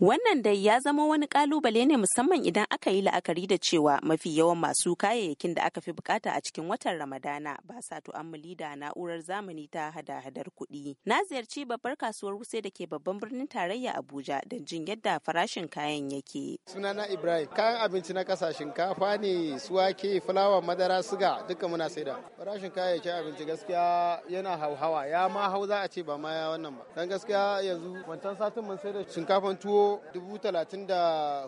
Wannan dai ya zama wani kalubale ne musamman idan aka yi la'akari da cewa mafi yawan masu kayayyakin da aka fi bukata a cikin watan Ramadana ba sa tu'ammali da na'urar zamani ta hada-hadar kuɗi. Na ziyarci babbar kasuwar Wuse da ke babban birnin tarayya Abuja don jin yadda farashin kayan yake. Sunana Ibrahim, kayan abinci na kasa shinkafa ne, su wake, fulawa, madara, suga duka muna saida. Farashin kayayyakin abinci gaskiya yana hauhawa, ya ma hau za a ce ba ma ya wannan ba. Dan gaskiya yanzu wancan satin mun saida shinkafan tuwo dubu talatin da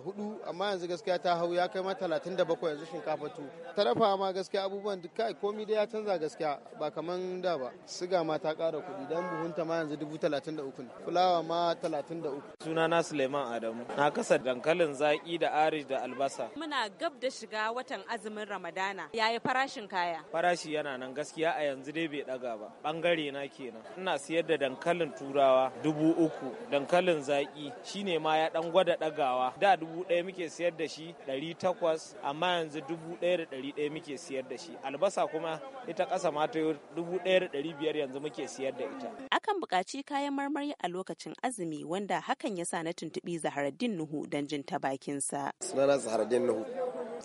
hudu amma yanzu gaskiya ta hau ya kai ma talatin da bakwai yanzu shinkafa tu tarafa ma gaskiya abubuwan duk kai komi da ya canza gaskiya ba kamar da ba siga ma ta kara kuɗi dan buhunta ma yanzu dubu talatin da uku fulawa ma talatin da uku sunana suleiman adamu na kasa dankalin zaki da arish da albasa muna gab da shiga watan azumin ramadana yi farashin kaya farashi yana nan gaskiya a yanzu dai bai daga ba bangare na kenan ina siyar da dankalin turawa dubu uku dankalin zaki shine ma ya dan gwada dagawa da dubu ɗaya muke siyar da shi ɗari takwas amma yanzu dubu ɗaya da ɗari ɗaya muke siyar da shi albasa kuma ita ƙasa ma ta dubu ɗaya da ɗari biyar yanzu muke siyar da ita. Akan buƙaci kayan marmari a lokacin azumi wanda hakan ya sa na tuntuɓi Zaharaddin Nuhu don jin ta bakinsa. Sunana Zaharaddin Nuhu.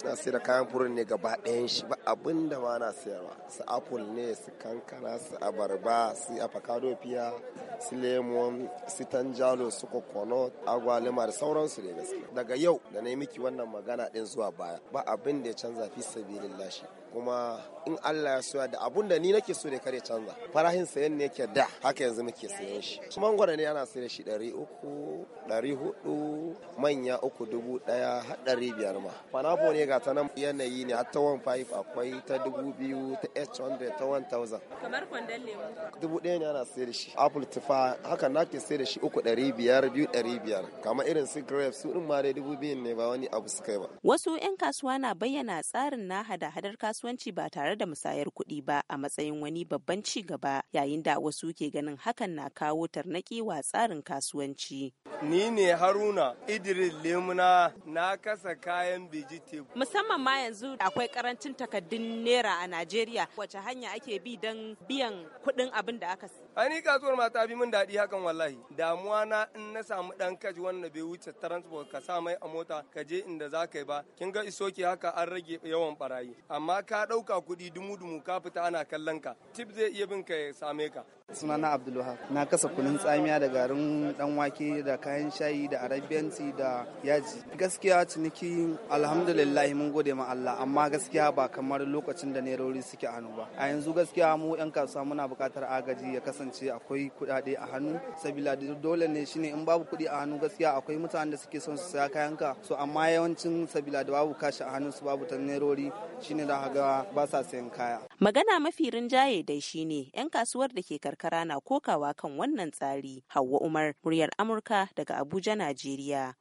suna sai da kayan furin ne gaba ɗayan shi ba abin da ba na sayarwa su apple ne su kankana su abarba su afakado fiya su lemon su tanjalo su coconut agwalima da sauransu ne gaskiya daga yau da na yi miki wannan magana ɗin zuwa baya ba abin da ya canza fi sabilin lashi kuma in Allah ya soya da abun da ni nake so da kare canza farahin sayan ne yake da haka yanzu muke sayan shi mangwaro ne ana sayar shi ɗari uku ɗari hudu manya uku dubu ɗaya har ɗari biyar ma fanafo ne ga ta nan yanayi ne hatta ta 15 akwai ta 2000 ta 800 ta 1000 kamar kwandon lemu dubu ɗaya ne ana sayar da shi apple tufa haka na ke sai da shi uku ɗari biyar biyu ɗari biyar kamar irin su grapes su ɗin ma dai dubu biyun ne ba wani abu su kai ba wasu 'yan kasuwa na bayyana tsarin na hada-hadar kasuwanci ba tare da musayar kuɗi ba a matsayin wani babban ci gaba yayin da wasu ke ganin hakan na kawo tarnaƙi wa tsarin kasuwanci ni ne haruna idris lemuna na kasa kayan vegetable musamman ma yanzu akwai karancin takaddun naira a Najeriya wace hanya ake bi don biyan kudin abin da aka ai kasuwar ma ta fi min daɗi hakan wallahi damuwa na in na samu ɗan kaji wanda bai wuce transport ka sa mai a mota ka je inda za ka yi ba kin ga iso isoki haka an rage yawan barayi amma ka ɗauka kuɗi dumu-dumu ka fita ana kallon ka tip zai iya bin ka ya same ka na abdulluha na kasa kunun tsamiya da garin dan wake da kayan shayi da arabian da yaji gaskiya ciniki alhamdulillah mun gode ma Allah amma gaskiya ba kamar lokacin da nerori suke hannu ba a yanzu gaskiya mu yan kasuwa muna buƙatar agaji ya kasance kasance akwai kuɗaɗe a hannu sabila dole ne shine in babu kuɗi a hannu gaskiya akwai mutanen da suke son su saya ka so amma yawancin sabila da babu kashi a hannu su babu tannerori shine da haga ba sa sayan kaya magana mafi rinjaye dai shine yan kasuwar da ke karkara na kokawa kan wannan tsari hawa Umar muryar Amurka daga Abuja Najeriya